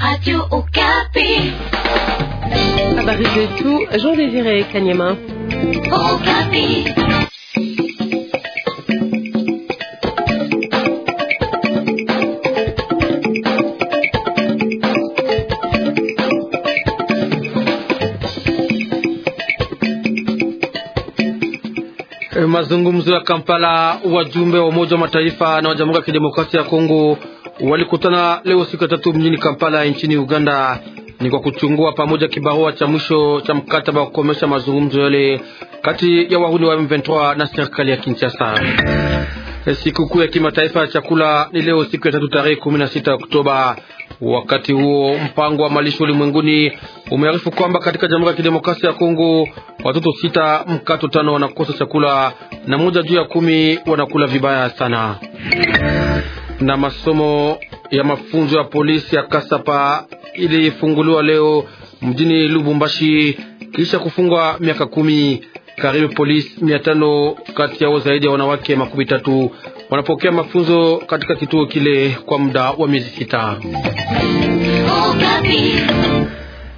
Radio Okapi. Habari zetu, Jean Désiré Kanyema. Okapi. Eh, mazungumzo ya Kampala, wajumbe wa Umoja wa Mataifa na wa Jamhuri ya Kidemokrasia ya Kongo walikutana leo siku ya tatu mjini Kampala nchini Uganda ni kwa kuchungua pamoja kibarua cha mwisho cha mkataba wa kukomesha mazungumzo yale kati ya wahuni wa M23 na serikali ya Kinshasa. Sikukuu ya kimataifa ya chakula ni leo siku ya tatu tarehe 16 Oktoba. Wakati huo mpango wa malisho ulimwenguni umearifu kwamba katika Jamhuri ya Kidemokrasia ya Kongo watoto sita mkato tano wanakosa chakula na moja juu ya kumi wanakula vibaya sana na masomo ya mafunzo ya polisi ya Kasapa ilifunguliwa leo mjini Lubumbashi kisha kufungwa miaka kumi. Karibu polisi mia tano kati yao zaidi ya wanawake makumi tatu wanapokea mafunzo katika kituo kile kwa muda wa miezi sita.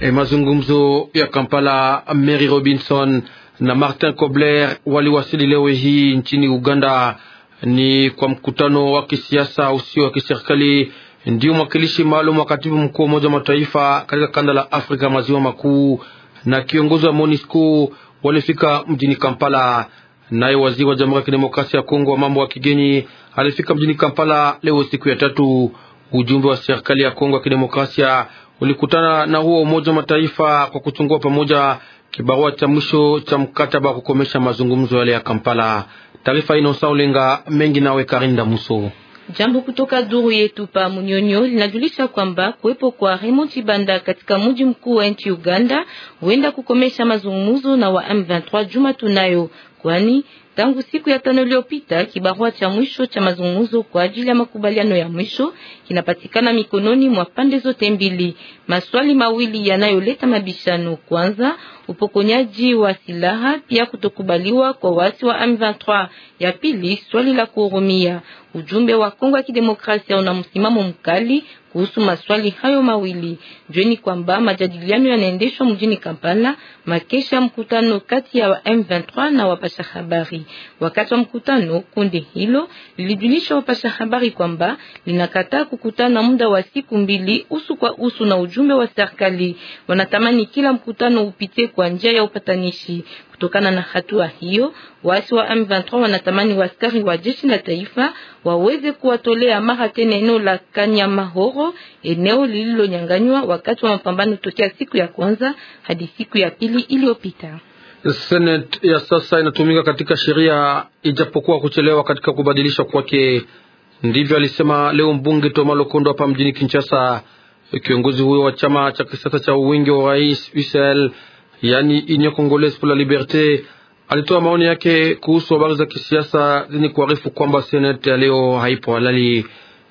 E, mazungumzo ya Kampala, Mary Robinson na Martin Kobler waliwasili leo hii nchini Uganda ni kwa mkutano wa kisiasa usio wa kiserikali ndio mwakilishi maalum wa katibu mkuu wa Umoja wa Mataifa katika kanda la Afrika maziwa makuu na kiongozi wa MONUSCO walifika mjini Kampala. Naye waziri wa Jamhuri ya Kidemokrasia ya Kongo wa mambo ya kigeni alifika mjini Kampala leo siku ya tatu. Ujumbe wa serikali ya Kongo ya Kidemokrasia ulikutana na huo Umoja wa Mataifa kwa kuchungua pamoja kibarua cha mwisho cha mkataba wa kukomesha mazungumzo yale ya Kampala. Taarifa saulenga mengi nawe Karinda Muso. Jambo kutoka duru yetu pa Munyonyo linajulisha kwamba kuwepo kwa Raymond Chibanda katika mji mkuu wa nchi Uganda huenda kukomesha mazungumzo na wa M23 juma tunayo kwani tangu siku ya tano iliyopita kibarua cha mwisho cha mazungumzo kwa ajili ya makubaliano ya mwisho kinapatikana mikononi mwa pande zote mbili. Maswali mawili yanayoleta mabishano: kwanza, upokonyaji wa silaha, pia kutokubaliwa kwa wasi wa M23; ya pili, swali la kuhurumia. Ujumbe wa Kongo ya Kidemokrasia una msimamo mkali kuhusu maswali hayo mawili. Jueni kwamba majadiliano yanaendeshwa mjini Kampala makesha mkutano kati ya M23 na wapasha habari. Wakati wa mkutano, kundi hilo lilijulisha wapasha habari kwamba linakataa kukutana muda wa siku mbili usu kwa usu na ujumbe wa serikali. Wanatamani kila mkutano upite kwa njia ya upatanishi. Kutokana na hatua hiyo, waasi wa M23 wanatamani waskari wa jeshi la taifa waweze kuwatolea mara tena eneo la Kanyamahoro, eneo lililonyanganywa wakati wa mapambano tokea siku ya kwanza hadi siku ya pili iliyopita. Senate ya sasa inatumika katika sheria, ijapokuwa kuchelewa katika kubadilisha kwake. Ndivyo alisema leo mbunge Toma Lokondo hapa mjini Kinshasa. Kiongozi huyo wa chama cha kisasa cha uwingi wa rais UCL yani Union Congolaise pour la Liberte alitoa maoni yake kuhusu habari za kisiasa zenye kuarifu kwamba seneti ya leo haipo halali,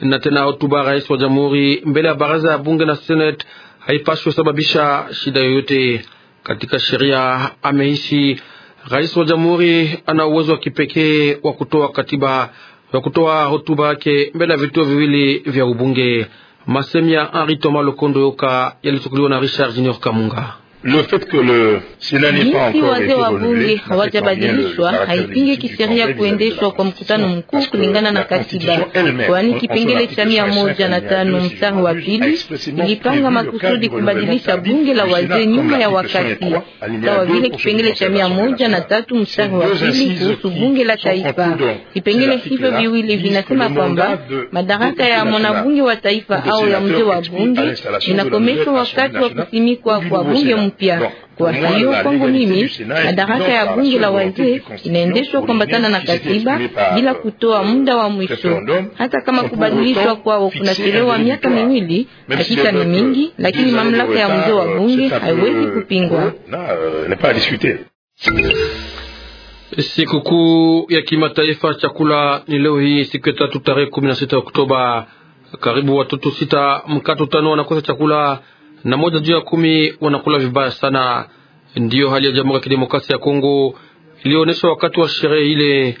na tena hotuba rais wa jamhuri mbele ya baraza ya bunge na seneti haipaswi kusababisha shida yoyote katika sheria. Ameishi rais wa jamhuri ana uwezo wa kipekee wa kutoa katiba wa kutoa hotuba yake mbele ya vituo viwili vya ubunge. Masemi ya Henri Thomas Lokondo Yoka yalichukuliwa na Richard Junior Kamunga. Jinsi wazee wa bunge hawajabadilishwa haipingi kisheria kuendeshwa kwa mkutano mkuu kulingana na katiba, kwani kipengele cha mia moja na tano mstari wa pili ilipanga makusudi kubadilisha bunge la wazee nyuma ya wakati, sawa vile kipengele cha mia moja na tatu mstari wa pili kuhusu bunge la taifa. Vipengele hivyo viwili vinasema kwamba madaraka ya mwanabunge wa taifa au ya mzee wa bunge inakomeshwa wakati wa kusimikwa kwa bunge mkuu mpya. Kwa hiyo kwangu mimi madaraka ya bunge la wazee inaendeshwa kuambatana na katiba bila kutoa muda wa mwisho. Hata kama kubadilishwa kwao kunachelewa miaka miwili, hakika ni mingi, lakini mamlaka ya mzee wa bunge haiwezi kupingwa. Euh, Sikukuu ya kimataifa chakula ni leo hii, siku ya tatu, tarehe sita Oktoba. Karibu watoto sita mkato tano wanakosa chakula na moja juu ya kumi wanakula vibaya sana. Ndiyo hali ya Jamhuri ya Kidemokrasia ya Kongo iliyoonyeshwa wakati wa sherehe ile.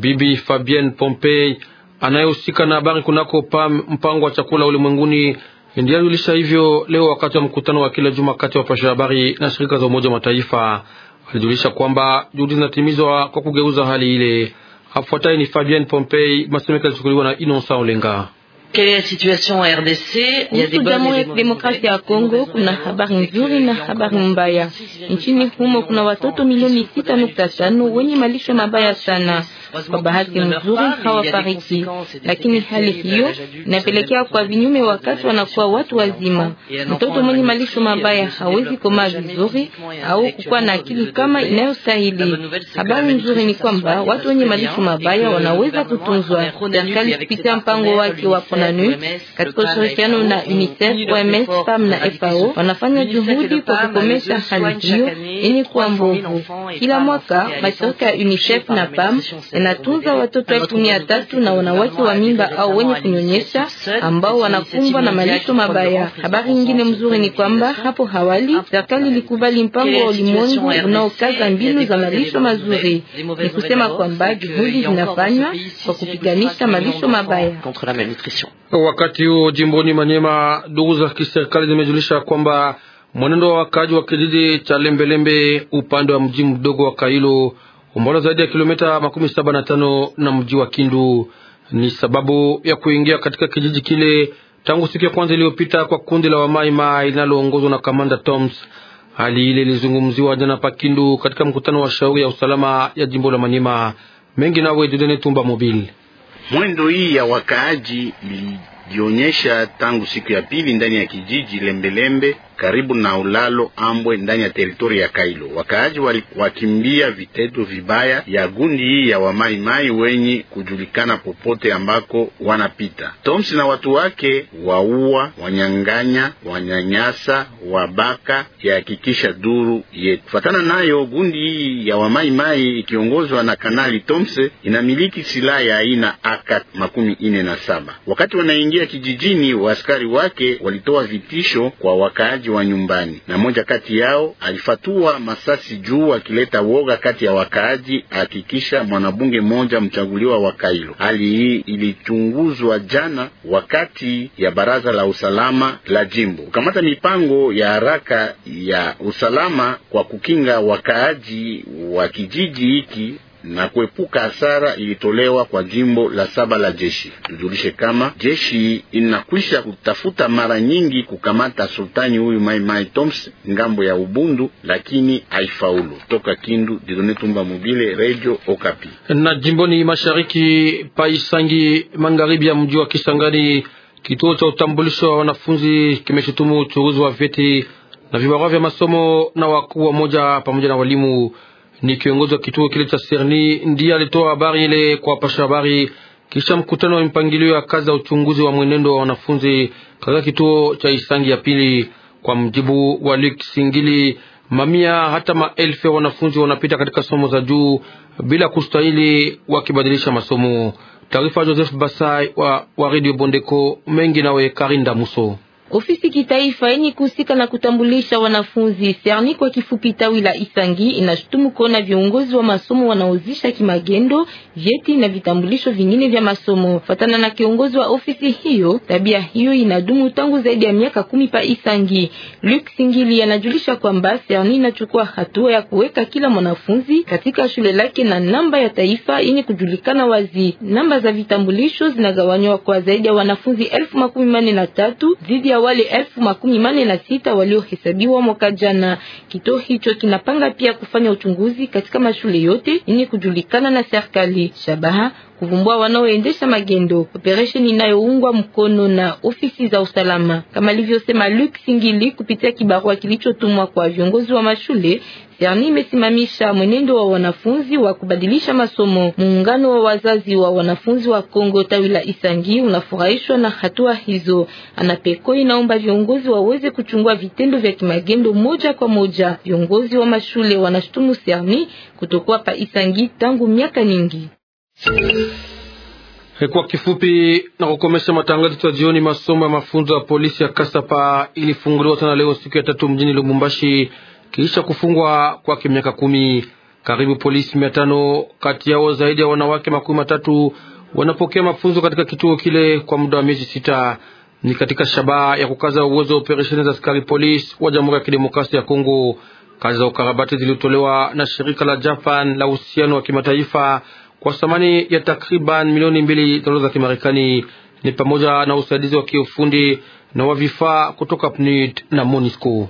Bibi Fabien Pompey anayehusika na habari kunako PAM, mpango wa chakula ulimwenguni, ndiye alijulisha hivyo leo wakati wa mkutano wa kila juma kati ya wapasha habari na shirika za Umoja wa Mataifa. Alijulisha kwamba juhudi zinatimizwa kwa kugeuza hali ile. Afuatayo ni Fabien Pompey, masemeka alichukuliwa na Inosa Olenga. Quelle est la situation en RDC? Kuhusu Jamhuri ya Demokrasia ya Kongo, kuna habari nzuri na habari mbaya. Nchini humo kuna watoto milioni sita nukta tano wenye malisho mabaya sana. Kwa bahati nzuri hawafariki, lakini hali hiyo inapelekea kwa vinyume wakati wanakuwa watu wazima. Mtoto mwenye malisho mabaya hawezi komaa vizuri au kukuwa na akili kama inayostahili. Habari nzuri ni kwamba watu wenye malisho mabaya wanaweza kutunzwa. Serikali kupitia mpango wake wa KONANU katika ushirikiano na UNICEF, OMS, PAM na FAO wanafanya juhudi kwa kukomesha hali hiyo yenye kuwa mbovu. Kila mwaka mashirika ya UNICEF na PAM yanatunza watoto elfu mia tatu na wanawake wa mimba au wenye kunyonyesha ambao wanakumbwa na malisho mabaya. Habari nyingine mzuri ni kwamba hapo awali serikali ilikubali mpango wa ulimwengu unaokaza mbinu za malisho mazuri. Ni kusema kwamba juhudi zinafanywa kwa kupiganisha malisho mabaya. Wakati huo jimboni Manyema, ndugu za kiserikali zimejulisha kwamba mwenendo wa wakaaji wa kijiji cha Lembelembe upande wa mji mdogo wa Kailo umbali zaidi ya kilomita makumi saba na tano na mji wa Kindu ni sababu ya kuingia katika kijiji kile tangu siku ya kwanza iliyopita kwa kundi la Wamaimai linaloongozwa na kamanda Toms. Hali ile ilizungumziwa jana pa Kindu katika mkutano wa shauri ya usalama ya jimbo la Manyema. Mengi nawe Dudene Tumba Mobile. Mwendo hii ya wakaaji ilijionyesha tangu siku ya pili ndani ya kijiji Lembelembe karibu na ulalo Ambwe ndani ya teritori ya Kailo. Wakaaji wakimbia vitendo vibaya ya gundi hii ya wamaimai wenye kujulikana popote ambako wanapita. Toms na watu wake waua, wanyang'anya, wanyanyasa, wabaka, yahakikisha duru yetu. Fatana nayo gundi hii ya wamaimai ikiongozwa na Kanali Toms inamiliki silaha ya aina AK makumi ine na saba. Wakati wanaingia kijijini, waaskari wake walitoa vitisho kwa wakaaji wakaaji wa nyumbani, na mmoja kati yao alifatua masasi juu akileta woga kati ya wakaaji, akikisha mwanabunge mmoja mchaguliwa wa Kailo. Hali hii ilichunguzwa jana wakati ya baraza la usalama la jimbo kukamata mipango ya haraka ya usalama kwa kukinga wakaaji wa kijiji hiki na kuepuka hasara ilitolewa kwa jimbo la saba la jeshi. Tujulishe kama jeshi inakwisha kutafuta mara nyingi kukamata sultani huyu Mai Mai Toms ngambo ya Ubundu, lakini haifaulu. Toka Kindu, Didone Tumba Mobile, Radio Okapi. Na jimboni mashariki paisangi magharibi ya mji wa Kisangani, kituo cha utambulisho wa wanafunzi kimeshutumu uchuruzi wa vyeti na vibarua vya masomo na wakuu wa moja pamoja na walimu ni kiongozi wa kituo kile cha Serni ndiye alitoa habari ile kwa pasha habari kisha mkutano wa mpangilio ya kazi ya uchunguzi wa mwenendo wa wanafunzi katika kituo cha Isangi ya pili. Kwa mjibu wa luk Singili, mamia hata maelfu ya wanafunzi wanapita katika somo za juu bila kustahili, wakibadilisha masomo. Taarifa Joseph Basai wa, wa Radio Bondeko mengi nawe Karinda Muso. Ofisi kitaifa yenye kuhusika na kutambulisha wanafunzi serni kwa kifupi tawi la Isangi inashutumu kuona viongozi wa masomo wanaozisha kimagendo vyeti na vitambulisho vingine vya masomo. Fatana na kiongozi wa ofisi hiyo, tabia hiyo inadumu tangu zaidi ya miaka kumi pa Isangi. Luke Singili anajulisha kwamba serni inachukua hatua ya kuweka kila mwanafunzi katika shule lake na namba ya taifa yenye kujulikana wazi. Namba za vitambulisho zinagawanywa kwa zaidi ya wanafunzi elfu makumi manne na tatu dhidi ya wale elfu makumi mane na sita waliohesabiwa mwaka jana. Kituo hicho kinapanga pia kufanya uchunguzi katika mashule yote yenye kujulikana na serikali. Shabaha kuvumbua wanaoendesha magendo, operesheni inayoungwa mkono na ofisi za usalama, kama alivyosema Luc Singili kupitia kibarua kilichotumwa kwa viongozi wa mashule. serni imesimamisha mwenendo wa wanafunzi wa kubadilisha masomo. Muungano wa wazazi wa wanafunzi wa Kongo tawi la Isangi unafurahishwa na hatua hizo. Anapeko inaomba viongozi waweze kuchungua vitendo vya kimagendo moja kwa moja. Viongozi wa mashule wanashutumu Serni kutokuwa pa Isangi tangu miaka mingi. Eh, kwa kifupi na kukomesha matangazo ya jioni, masomo ya mafunzo ya polisi ya Kasapa ilifunguliwa tena leo siku ya tatu mjini Lubumbashi kisha kufungwa kwake miaka kumi. Karibu polisi mia tano kati yao zaidi ya wanawake makumi matatu wanapokea mafunzo katika kituo kile kwa muda wa miezi sita. Ni katika shabaha ya kukaza uwezo wa operesheni za askari polisi wa Jamhuri ya Kidemokrasia ya Kongo. Kazi za ukarabati zilitolewa na shirika la Japan la uhusiano wa kimataifa kwa thamani ya takriban milioni mbili dola za Kimarekani, ni pamoja na usaidizi wa kiufundi na wa vifaa kutoka PNUD e na MONUSCO.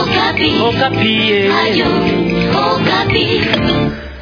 Okapi. Oh, Okapi. Oh, eh.